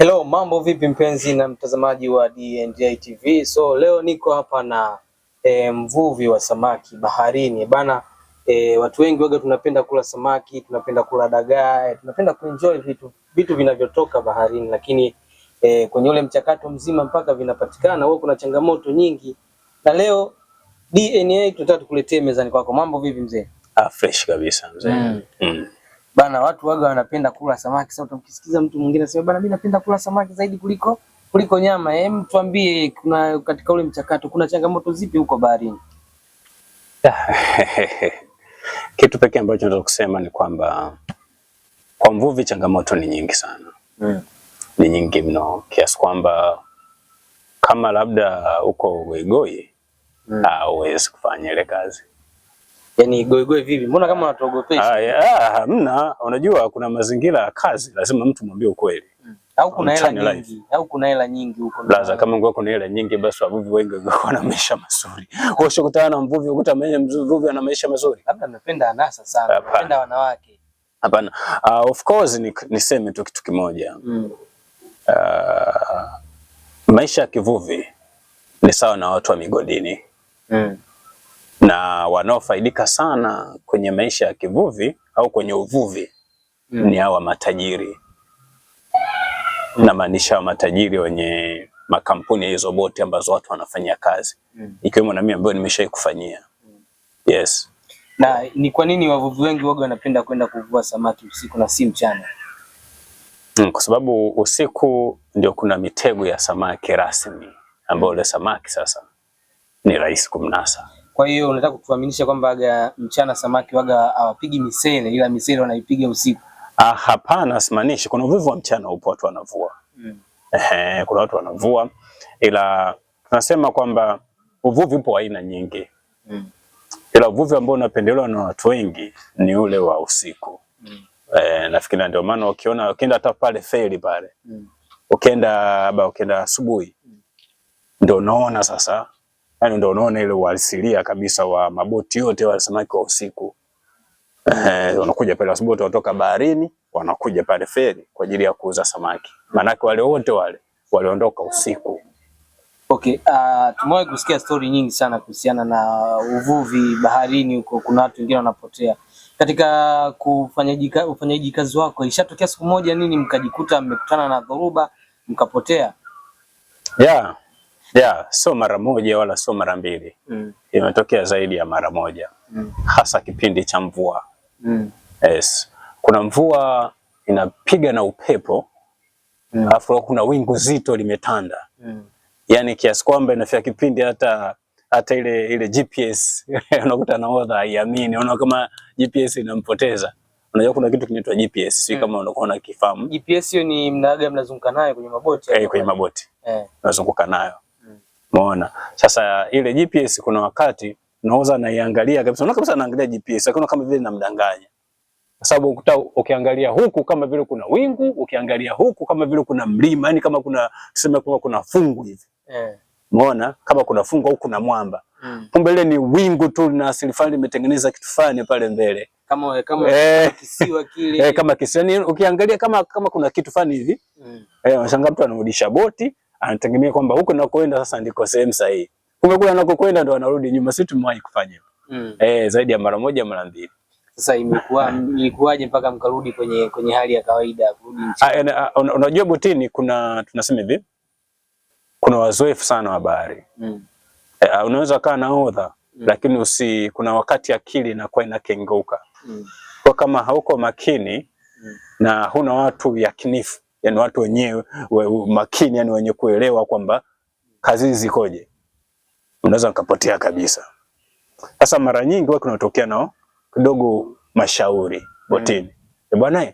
Hello, mambo vipi mpenzi na mtazamaji wa D&A TV. So leo niko hapa na e, mvuvi wa samaki baharini bana. E, watu wengi waga tunapenda kula samaki, tunapenda kula dagaa, eh, tunapenda kuenjoy vitu vitu vinavyotoka baharini, lakini e, kwenye ule mchakato mzima mpaka vinapatikana huwa kuna changamoto nyingi, na leo D&A tunataka tukuletee mezani kwako. Mambo vipi mzee? Ah, fresh kabisa mzee. Mm. Mm. Bana, watu waga wanapenda kula samaki. Sasa utamkisikiza mtu mwingine sema bana, mimi napenda kula samaki zaidi kuliko kuliko nyama. Hem, tuambie kuna katika ule mchakato kuna changamoto zipi huko baharini? Kitu pekee ambacho nataka kusema ni kwamba kwa mvuvi changamoto ni nyingi sana mm. Ni nyingi mno kiasi kwamba kama labda uko Goigoi mm. hauwezi kufanya ile kazi Yaani goegoe vipi? Mbona kama unatuogopesha? Ah, ah, hamna. Unajua kuna mazingira ya kazi lazima mtu mwambie ukweli. Mm. Au kuna hela nyingi, au kuna hela nyingi huko. Blaza, kama ungekuwa kuna hela nyingi basi wavuvi wengi wangekuwa na maisha mazuri. Wewe ushakutana na mvuvi ukuta mvuvi ana maisha mazuri? Labda anapenda anasa sana, anapenda wanawake. Hapana. Uh, of course ni, niseme tu kitu kimoja. Mm. Uh, maisha ya kivuvi ni sawa na watu wa migodini. Mm na wanaofaidika sana kwenye maisha ya kivuvi au kwenye uvuvi mm. ni hawa matajiri mm. namaanisha hawa matajiri wenye makampuni ya hizo boti ambazo watu wanafanyia kazi mm. ikiwemo na mimi ambayo nimeshai kufanyia mm. yes. Na ni kwa nini wavuvi wengi waga wanapenda kwenda kuvua samaki usiku na si mchana? Mm, kwa sababu usiku ndio kuna mitego ya samaki rasmi ambayo ule samaki sasa ni rahisi kumnasa. Kwa hiyo unataka kutuaminisha kwamba aga mchana samaki waga hawapigi misele, ila misele wanaipiga usiku? Ah, hapana, simaanishi. Kuna uvuvi wa mchana upo, watu wanavua mm. kuna watu wanavua, ila tunasema kwamba uvuvi upo aina nyingi mm. ila uvuvi ambao unapendelewa na watu wengi ni ule wa usiku mm. Eh, nafikiri ndio maana ukiona ukienda hata pale feri pale mm. ukienda ba ukienda asubuhi mm. ndio unaona sasa yani ndio unaona ile uhalisia kabisa wa maboti yote wa samaki wa usiku eh, wanakuja pale, asubuhi, watoka baharini wanakuja pale feri kwa ajili ya kuuza samaki, maanake wale wote wale waliondoka usiku. Okay, uh, tumewahi kusikia stori nyingi sana kuhusiana na uvuvi baharini huko, kuna watu wengine wanapotea katika kufanyaji ufanyaji kazi wako, ishatokea siku moja nini mkajikuta mmekutana na dhoruba mkapotea? yeah. Yeah, sio mara moja wala sio mara mbili mm. Imetokea zaidi ya mara moja mm. Hasa kipindi cha mvua mm. Yes. Kuna mvua inapiga na upepo mm. Alafu kuna wingu zito limetanda mm. Yaani kiasi kwamba inafika kipindi hata hata ile ile GPS unakuta nahodha haiamini, unaona kama GPS inampoteza. Unajua kuna kitu kinaitwa GPS, si mm. kama unakuwa unakifahamu. GPS hiyo ni mnaaga mnazunguka nayo kwenye maboti. Eh, kwenye maboti. Eh. Unazunguka nayo. Umeona? Sasa ile GPS kuna wakati naoza naiangalia kabisa. Unaona kabisa naangalia GPS lakini kama vile namdanganya. Kwa sababu ukuta ukiangalia huku kama vile kuna wingu, ukiangalia huku kama vile kuna mlima, yani kama kuna sema kama kuna fungu hivi. Eh. Umeona? Kama kuna fungu au kuna mwamba. Mm. Kumbe ile ni wingu tu na asili fulani limetengeneza kitu fulani pale mbele. Kama kama eh, kisiwa kile. Eh, kama kisiwa. Ukiangalia kama kama kuna kitu fulani hivi. Mm. Eh, unashangaa mtu anarudisha boti anategemea kwamba huko nakoenda sasa ndiko sehemu sahihi, kumbe kule anakokwenda ndo anarudi nyuma. Si tumewahi kufanya hivyo mm. Eh, zaidi ya mara moja mara mbili. Sasa imekuwa ilikuwaje mpaka mkarudi kwenye kwenye hali ya kawaida kurudi nchini? Ah, eh, ah, unajua botini kuna tunasema hivi kuna wazoefu sana wa bahari mm. Eh, ah, unaweza kaa na odha mm. lakini usi kuna wakati akili inakuwa inakengeuka mm. kwa kama hauko makini mm. na huna watu yakinifu yani watu wenyewe we, makini yani wenye kuelewa kwamba kazi hizi zikoje, unaweza nikapotea kabisa. Sasa mara nyingi watu wanatokea nao kidogo mashauri mm. botini, mm. bwana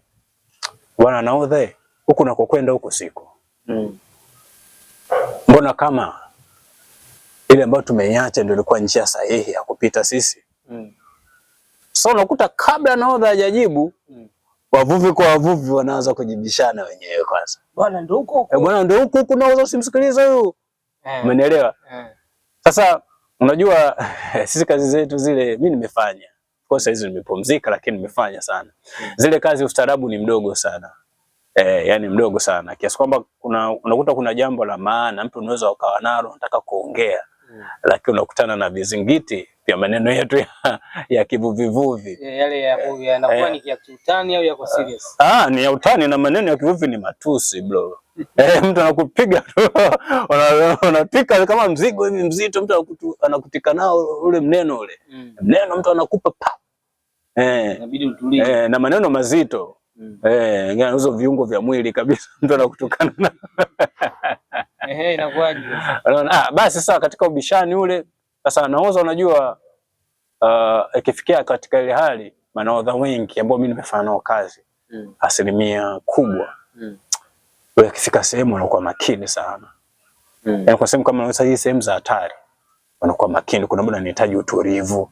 bwana naodha huku nakokwenda huko siku mm. mbona kama ile ambayo tumeiacha ndio ilikuwa njia sahihi ya kupita sisi mm. so unakuta kabla naodha hajajibu mm wavuvi kwa wavuvi wanaanza kujibishana wenyewe kwanza. Bwana ndio huko huko. Eh, bwana ndio huko huko naweza usimsikilize huyu. Eh. Umenielewa? Eh. Sasa unajua sisi kazi zetu zile mimi nimefanya. Kwa sasa hizi nimepumzika lakini nimefanya sana. Hmm. Zile kazi ustaarabu ni mdogo sana. Eh, yani mdogo sana. Kiasi kwamba kuna unakuta kuna jambo la maana mtu unaweza ukawa nalo nataka kuongea. Hmm. Lakini unakutana na vizingiti pia maneno yetu ya, ya kivuvivuvi yale ya, yanakuwa eh. ni ya utani au ya kwa serious? Ah, ni ya utani na maneno ya kivuvi ni matusi bro. Eh, mtu anakupiga tu unatika kama mzigo hivi mzito, mtu anakutu, anakutika nao ule mneno ule mm. mneno mtu anakupa pa eh, inabidi utulie eh, na maneno mazito mm. eh, hizo viungo vya mwili kabisa mtu anakutukana na eh, inakuwaje? Ah, basi sawa, katika ubishani ule sasa nahodha, unajua uh, ikifikia katika ile hali manahodha wengi ambao mimi nimefanya nao kazi mm. asilimia kubwa mm. akifika sehemu wanakuwa makini sana mm. yani kwa sehemu kama hii sehemu za hatari wanakuwa makini, kuna muda nahitaji utulivu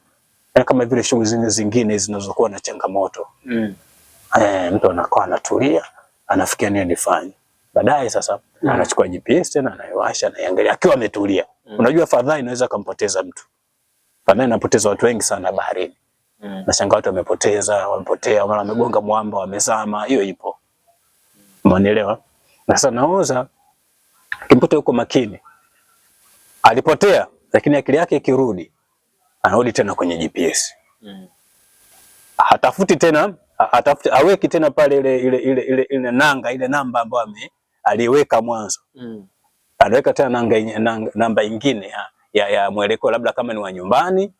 yani kama vile shughuli zingine zingine zinazokuwa na changamoto mm. E, mtu anakuwa anatulia anafikia nini nifanye Baadaye sasa mm. anachukua GPS tena anaiwasha anaiangalia akiwa ametulia. Mm. Unajua fadhaa inaweza kumpoteza mtu. Fadhaa inapoteza watu wengi sana baharini. Mm. Nashangaa watu wamepoteza, wamepotea, mara wamegonga mm. mwamba, wamezama, hiyo ipo. Umeelewa? Na sasa naoza kimpote huko makini. Alipotea lakini akili yake ikirudi anarudi tena kwenye GPS. Mm. Hatafuti tena, hatafuti aweki tena pale ile ile ile ile ile nanga ile namba ambayo ame aliweka mwanzo mm. anaweka tena namba ingine ya, ya, ya mwelekeo labda kama ni wa nyumbani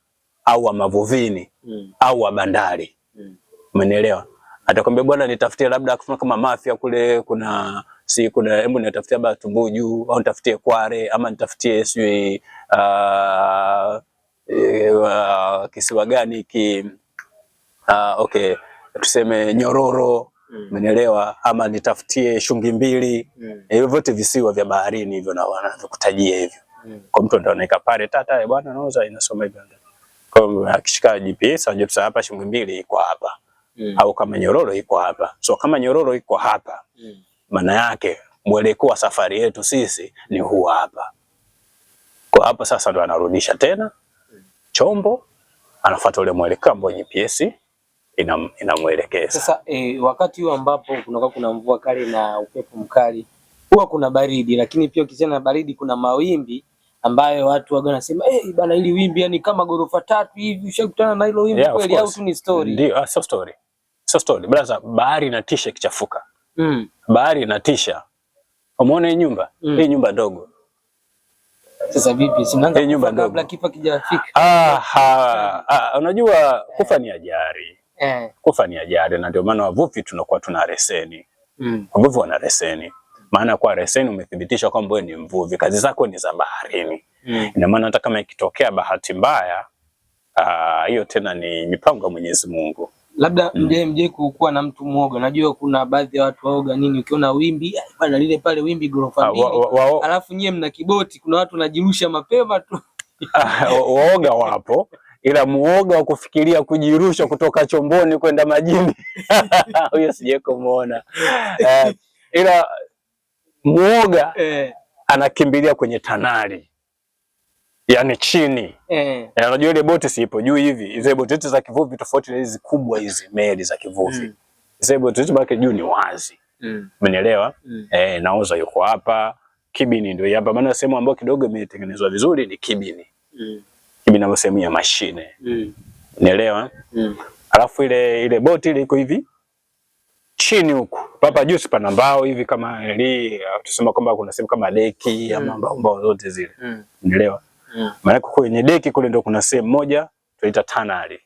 au wa mavuvini mm. au wa bandari mm. Umenielewa? Atakwambia bwana, nitafutie labda kama Mafia kule kuna si kuna hebu nitafutie labda Tumbuju au nitafutie Kware ama nitafutie sijui uh, uh, kisiwa gani ki uh, okay tuseme Nyororo Mm. Umenielewa? mm. Ama nitafutie shungi mbili mm. eh, hivyo vyote visiwa vya baharini hivyo na wanavyokutajia hivyo. mm. Kwa mtu ndo anaweka pale tata ya bwana nauza inasoma hivyo. Kwa akishika GPS anajua hapa shungi mbili iko hapa. mm. Au kama nyororo iko hapa. So kama nyororo iko hapa. Mm. Maana yake mwelekeo wa safari yetu sisi ni huu hapa. Kwa hapa sasa ndo anarudisha tena mm. chombo anafuata ule mwelekeo ambao GPS inamwelekeza. Sasa e, wakati huo ambapo kunakuwa kuna mvua kali na upepo mkali huwa kuna baridi, lakini pia ukichana na baridi kuna mawimbi ambayo watu waga wanasema eh, bana hili wimbi yani kama gorofa tatu hivi. Ushakutana na hilo wimbi yeah, kweli au tu ni story? Ndio, uh, ah, sio story, sio story brother. Bahari inatisha ikichafuka. Mm. Bahari inatisha. Umeona hii nyumba mm. hii nyumba ndogo sasa vipi? Sinaanza nyumba ndogo kabla kifa kijafika. Ah, ha, ah, unajua kufa ni ajali eh. Kufa ni ajali, na ndio maana wavuvi tunakuwa tuna leseni mm. Wavuvi wana leseni, maana kwa leseni umethibitisha kwamba wewe ni mvuvi, kazi zako ni za baharini mm. Ina maana hata kama ikitokea bahati mbaya ah, hiyo tena ni mipango ya Mwenyezi Mungu. Labda mm. mje mje kuwa na mtu mwoga, najua kuna baadhi ya watu waoga nini, ukiona wimbi ah, bana lile pale wimbi gorofa ah, mbili, alafu nyie mna kiboti, kuna watu wanajirusha mapema tu waoga wapo ila muoga wa kufikiria kujirusha kutoka chomboni kwenda majini huyo sije kumuona. Uh, ila muoga eh, anakimbilia kwenye tanari yani chini eh. eh. Unajua ile boti siipo juu hivi, zile boti zetu za kivuvi tofauti na hizi kubwa hizi meli za kivuvi mm. Zile boti zetu baki juu ni wazi mm. Umenielewa mm. Eh, nauza yuko hapa, kibini ndio hapa, maana sehemu ambayo kidogo imetengenezwa vizuri ni kibini mm mimi na sehemu ya mashine mm. Nielewa eh? mm. Alafu ile ile boti ile iko hivi chini huku papa juu sipa na mbao hivi kama ili tusema kwamba kuna sehemu kama deki mm. ama mbao mbao zote zile mm. Nielewa mm. Maana kwa kwenye deki kule ndio kuna sehemu moja tunaita tanali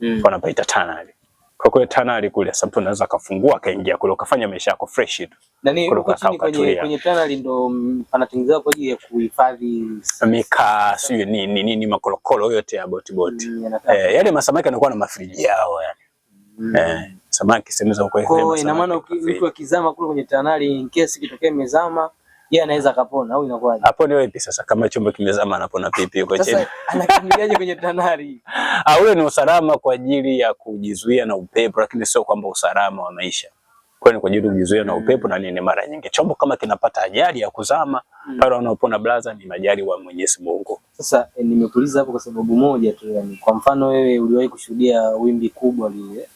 mm. Kwa napaita tanali kwa kule tanali kule, sababu tunaweza kafungua akaingia kule ukafanya maisha yako fresh tu mm nani huko chini kwenye kwenye tunnel ndo panatengenezwa kwa ajili ya kuhifadhi mika sio ni ni, ni ni makorokoro yote ya boti boti. mm, Eh, yale masamaki yanakuwa na mafriji yao yani. Eh. Mm. Eh, samaki semeza kwa hiyo Kwa ina maana mtu akizama kule kwenye tunnel in case kitokee imezama yeye anaweza kapona au inakuwaje? Hapo ndio ipi sasa kama chombo kimezama anapona pipi huko chini. Sasa anakimbiliaje kwenye tunnel? Ah, ule ni usalama kwa ajili ya kujizuia na upepo, lakini sio kwamba usalama wa maisha kwa ni kwa ajili kujizuia na mm. upepo na nini. Mara nyingi chombo kama kinapata ajali ya kuzama mm. pale wanaopona blaza, ni majali wa Mwenyezi Mungu. Sasa eh, nimekuuliza hapo kwa sababu moja tu, yani kwa mfano wewe uliwahi kushuhudia wimbi kubwa lile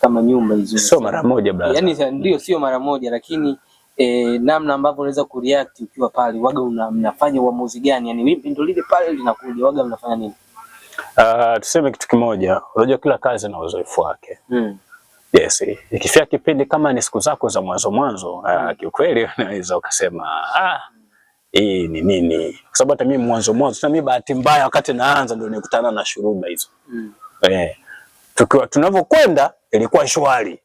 kama nyumba hizo, sio mara moja blaza, yani ndio, sio mara moja, lakini E, namna ambavyo unaweza kureact ukiwa pale, waga unafanya uamuzi gani? Yani wimbi ndio lile pale linakuja, waga unafanya nini? Uh, tuseme kitu kimoja, unajua kila kazi na uzoefu wake mm. Yes, ikifika kipindi kama ni siku zako za mwanzo mwanzo, ah, kiukweli unaweza ukasema ah, hii ni nini? Kwa sababu hata mimi mwanzo mwanzo, na mimi bahati mbaya wakati naanza ndio nikutana na shuruba hizo mm. Eh, tukiwa tunavyokwenda ilikuwa shwari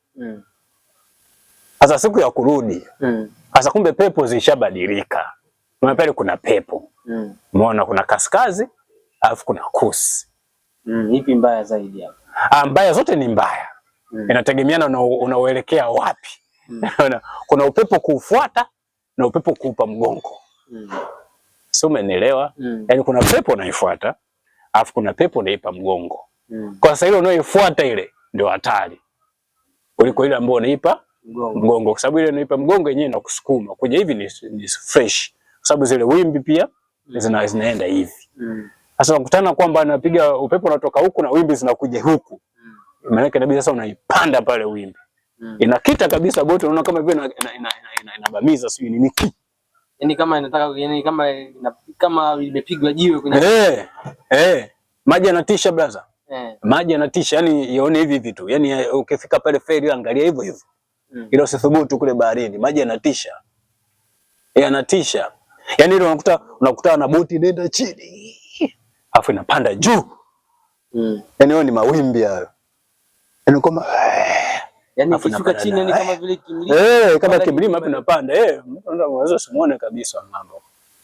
sasa mm. siku ya kurudi sasa mm. kumbe pepo zishabadilika, pale kuna pepo mm. umeona kuna kaskazi alafu kuna kusi mm, ipi mbaya zaidi hapo? Ah, mbaya zote ni mbaya mm. Inategemeana na unaoelekea wapi mm. Kuna upepo kuufuata na upepo kuupa mgongo mm. Sio, umenielewa mm. yani kuna pepo unaifuata alafu kuna pepo unaipa mgongo mm. Kwa sasa ile unaoifuata ile ndio hatari kuliko ile ambayo unaipa mgongo, Kwa sababu ile unaipa mgongo yenyewe inakusukuma kuja hivi ni, ni fresh kwa sababu zile wimbi pia zina, mm. zinaenda hivi mm. sasa mm. Nakutana kwamba napiga upepo unatoka huku na wimbi zinakuja huku mm maanake inabidi sasa unaipanda pale wimbi mm. inakita kabisa boti, unaona kama vile inabamiza ina, ina, ina, ina sijui nini ki yani kama inataka yani kama ina, kama imepigwa jiwe kwenye eh eh, maji yanatisha brother eh, maji yanatisha yani yaone hivi vitu yani eh, ukifika pale feri angalia hivyo hivyo mm. ili usithubutu kule baharini, maji yanatisha eh, yanatisha yani ile unakuta unakutana na boti inaenda chini afu inapanda juu mm. yani ni mawimbi hayo yani kama yani chini ni kama vile kimlima eh, kama kimlima hapo napanda eh, unaweza simuone kabisa mambo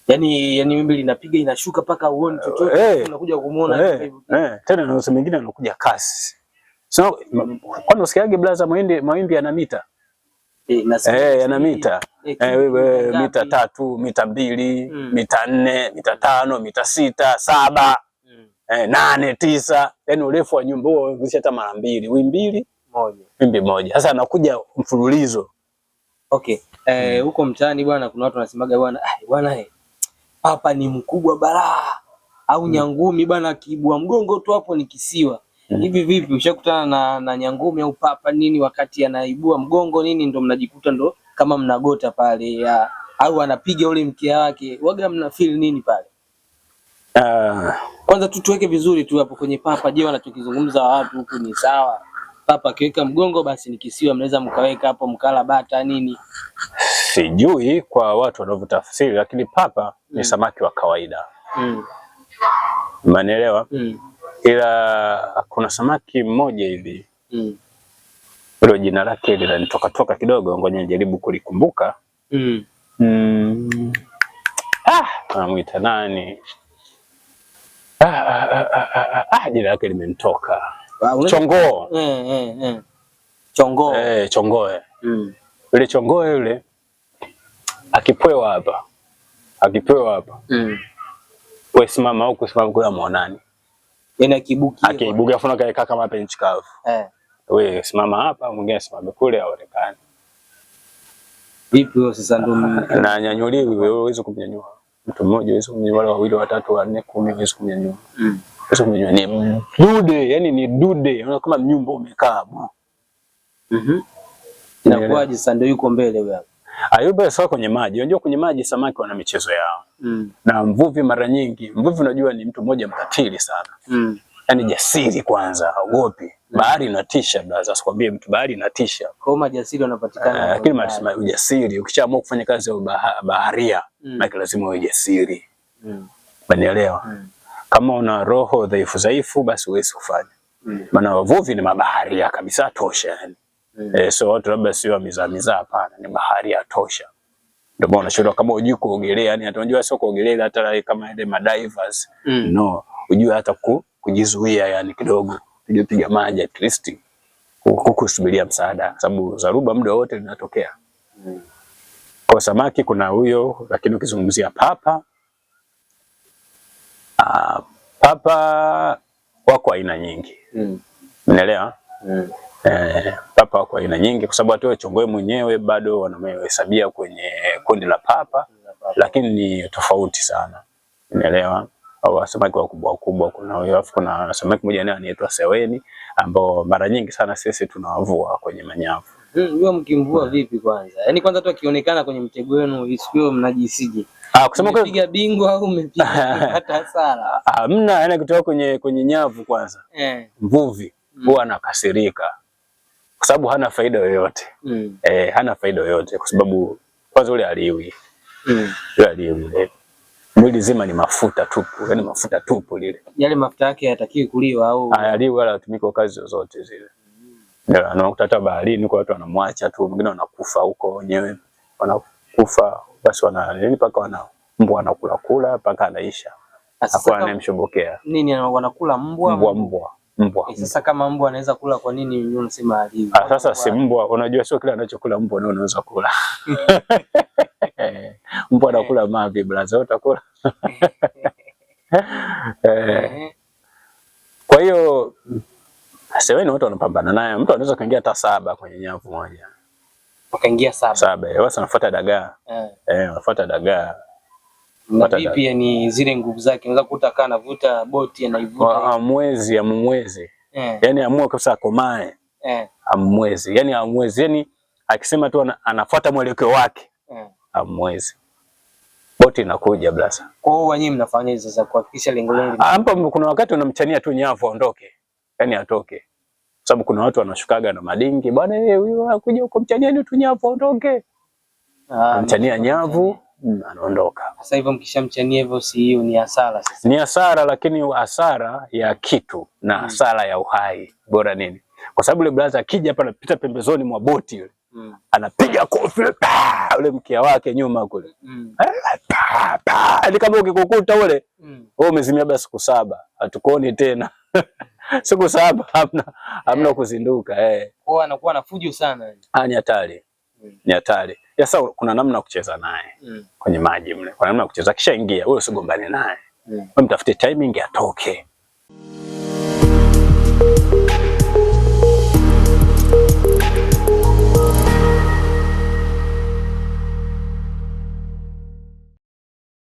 yani, yani mimi linapiga inashuka paka uone chochote, eh, unakuja kumuona eh, eh, tena na useme mwingine anakuja kasi. So kwani usikiage blaza, mahindi mawimbi yana mita eh, eh yana mita eh, wewe mita tatu mita mbili mm. mita nne mita tano mita sita saba eh, nane tisa, yani urefu wa nyumba huo unazidisha hata mara mbili, wimbili moja, wimbi moja. Sasa anakuja mfululizo. Okay, eh, hmm. huko mtaani bwana, kuna watu wanasemaga bwana, ah bwana, eh, papa ni mkubwa balaa au mm. Nyangumi bwana, kibua mgongo tu hapo ni kisiwa hmm. hivi mm. Vipi, ushakutana na, na nyangumi au papa nini, wakati anaibua mgongo nini, ndo mnajikuta ndo kama mnagota pale ya, au anapiga ule mkia wake waga, mna feel nini pale? Ah, kwanza tu tuweke vizuri tu hapo kwenye papa. Je, wanachokizungumza watu huku ni sawa? Papa akiweka mgongo basi ni kisiwa, mnaweza mkaweka hapo mkala bata nini, sijui kwa watu wanavyotafsiri, lakini papa mm. ni samaki wa kawaida mm. manelewa mm. Ila kuna samaki mmoja hivi mm. jina lake linanitokatoka toka kidogo, ngoja nijaribu kulikumbuka. mm. mm. Ah, anamuita nani? Ah, ah, ah, ah, jina lake limemtoka Chongoo. Eh, eh, Chongoo. Eh, Chongoe. Eh, eh. Mm. Yule Chongoe yule akipwewa hapa. Akipwewa hapa. Mm. Wewe simama huko simama yaani kwa muonani. Yaani akibuki. afuna afu kaka kama penchi kavu. Eh. Wewe simama hapa, mwingine simame kule aonekane. Vipi sasa ndio na nyanyuliwi wewe uweze kumnyanyua mtu mmoja hawezi kumjua, wala wawili, watatu, wanne, kumi hawezi kumjua. Mm. Hawezi kumjua ni dude, yani ni dude, unaona kama mnyumba umekaa bwana. Mhm. Inakuwaje sasa ndio yuko mbele huyo hapo? Ayuba sawa kwenye maji. Unajua kwenye maji samaki wana michezo yao. Mm. Na mvuvi mara nyingi, mvuvi unajua ni mtu mmoja mkatili sana. Mm. Yaani jasiri kwanza, haogopi. Mm. Bahari inatisha brother, sikwambie mtu bahari inatisha. Kwa majasiri wanapatikana. Eh, lakini majasiri ujasiri, ukishaamua kufanya kazi ya baharia Mm mm. maana lazima uwe jasiri mm. Unanielewa? mm. Kama una roho dhaifu dhaifu, basi huwezi kufanya mm. maana mm. wavuvi ni mabaharia kabisa tosha yani mm. E, so watu labda sio mizamiza, hapana, ni baharia tosha. Ndio maana unashauriwa kama hujui kuogelea, yani hata unajua sio kuogelea, hata kama ile madivers mm. no, ujue hata ku, kujizuia yani kidogo, piga piga maji at least kukusubiria msaada, sababu zaruba muda wote linatokea mm kwa samaki kuna huyo, lakini ukizungumzia papa aa, ah, papa wako aina nyingi mm. Unaelewa mm. E, papa wako aina nyingi kwa sababu hata wachongoe mwenyewe bado wanamhesabia kwenye kundi la papa Lakini ni tofauti sana, unaelewa au samaki wakubwa wakubwa, kuna huyo afu kuna samaki mmoja anaitwa seweni, ambao mara nyingi sana sisi tunawavua kwenye manyavu huyo mkimvua vipi kwanza? Yaani kwanza tu akionekana kwenye mtego wenu siku hiyo mnajisije? Ah, kusema kweli piga bingwa au umepiga hata sala. Ah, mna yaani kutoka kwenye kwenye nyavu kwanza. Eh. Mvuvi mm. huwa mm. anakasirika. Kwa sababu hana faida yoyote. Mm. Eh, hana faida yoyote kwa sababu kwanza yule aliwi. Mm. Yule aliwi. Eh. Mwili zima ni mafuta tupu, yani mafuta tupu lile. Yale mafuta yake hayatakiwi kuliwa au Ah, aliwi wala atumike kwa kazi zozote zile. Mm ndio anakuta hata baharini kwa watu wanamwacha tu, wengine wanakufa huko wenyewe, wanakufa basi, wana nini paka wana mbwa anakula kula paka anaisha, ah, hakuna anayemshobokea nini, wanakula mbwa mbwa mbwa mbwa. E, Sasa kama mbwa anaweza kula, kwa nini yeye unasema alivyo? Ah, sasa si mbwa, unajua sio kila anachokula mbwa ndio unaweza kula. Mbwa anakula mavi, blaza utakula. Eh. eh. Kwa hiyo ni watu wanapambana naye, mtu anaweza kaingia hata saba kwenye nyavu moja, wakaingia saba saba. Eh, wasa nafuata dagaa eh, eh nafuata dagaa na vipi? Ni zile nguvu zake unaweza kukuta kana anavuta boti anaivuta, ah, amwezi amumwezi eh, Yaani amua kabisa akomae eh, amwezi Yaani amwezi Yaani akisema tu anafuata mwelekeo wake eh, amwezi boti inakuja blasa. Kwa hiyo wanyi mnafanya hizo za kuhakikisha lengo lenu hapo. Ah, kuna wakati unamchania tu nyavu aondoke yani atoke, sababu kuna watu wanashukaga na madingi bwana, yeye huyo anakuja huko, mchanieni tu nyavu aondoke. Ah, mchania nyavu mm, anaondoka. Sasa hivyo mkishamchania hivyo, si hiyo ni hasara? Sasa ni hasara, lakini hasara ya kitu na mm. hasara ya uhai bora nini? Kwa sababu yule brother akija hapa, anapita pembezoni mwa boti yule Mm. Anapiga kofi ule mkia wake nyuma kule mm. Eh, ni kama ukikukuta ule mm. wewe mm. Umezimia basi siku saba, hatukuoni tena siku saba hamna hamna yeah. kuzinduka eh. Kwa anakuwa na fujo sana. Ah, ni hatari. Mm. Ni hatari. Sasa kuna namna kucheza naye mm. kwenye maji mle. Kuna namna kucheza kisha ingia. Wewe usigombane naye. Mm. Wewe mtafute timing atoke.